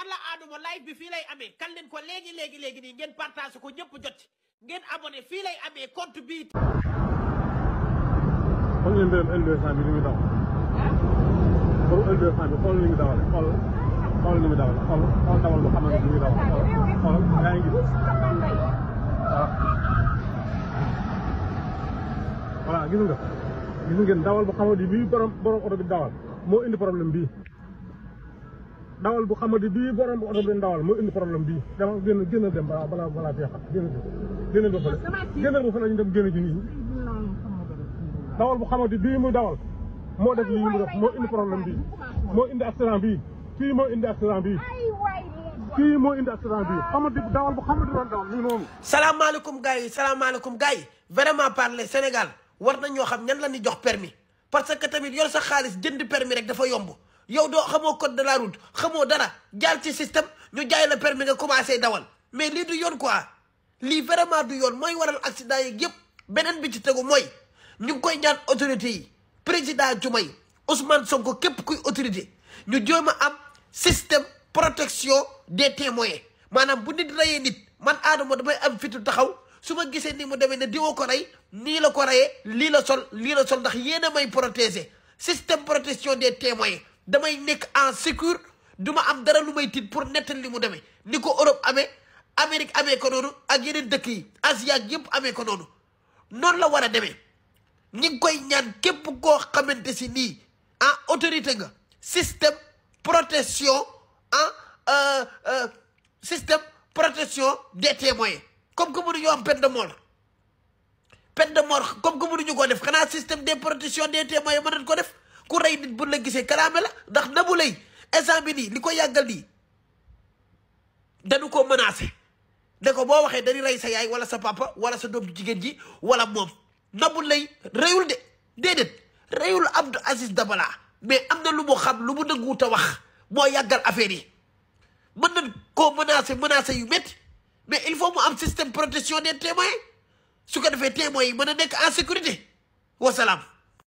alla aaduma live bi fii lay amee kan leen ko léegi léegi léegi nii ko ñëpp jot ngeen abonné fii lay amee compte bi. xool ngeen beneen L200 bi ni muy daw. xool l bi gis voilà gis nga dawal ba xamal ni bii borom oto bi dawal moo indi problème bii. dawal bu xamante bii borom oto bi dawal moo indi problème bii dama génn génn dem balaa balaa balaa fee xam génn génn ba fële génn ba fële dem génn ji nii dawal bu xamante bii muy dawal moo def lii mu def moo indi problème bii moo indi accident bii fii moo indi accident bii kii moo indi accident bii xamante dawal bu xamante doon dawal nii noonu salaamaaleykum gars yi salaamaaleykum gars yi vraiment parler Sénégal war na ñoo xam ñan la ñu jox permis parce que tamit yor sa xaalis jënd permis rek dafa yomb yow doo xamoo code de la route xamoo dara jaar ci système ñu jaay la permis nga commencé dawal mais lii du yoon quoi lii vraiment du yoon mooy waral accident yeeg yëpp beneen bi ci tegu mooy ñu ngi koy ñaan autorité yi président Diomaye Ousmane Sonko képp kuy autorité ñu jéem a am système protection des témoins maanaam bu nit rayee nit man Adama damay am fitu taxaw su ma gisee ni mu demee ne diwoo ko rey nii la ko lii la sol lii la sol ndax yéen a may protéger système protection des témoins damay nekk en sécure du ma am dara lu may tiit pour nettal li mu demee ni ko Europe amee Amérique amee ko noonu ak yeneen dëkk yi Asie ak yëpp amee ko noonu noonu la war a demee ñi ngi koy ñaan képp koo xamante si nii en ah, autorité nga système protection ah, en euh, euh, système protection des témoins comme que mënuñu am peine de mort peine de mort comme que mënuñu ko def xanaa système de protection des témoins mënat ko def ku rey nit bu la gisee kalaame la ndax Nabou Leye instant bi nii li ko yàggal nii dañu ko menacé ne ko boo waxee dañuy rey sa yaay wala sa papa wala sa doom jigéen ji wala moom Nabou lay reyul de déedéet reyul Abdou Aziz Dabala mais am na lu mu xam lu mu nanguwut a wax moo yàggal affaire yi mën nañ koo menacé menacé yu métti mais il faut mu am système protection des témoins su ko defee témoins yi mën a nekk en sécurité wasalaam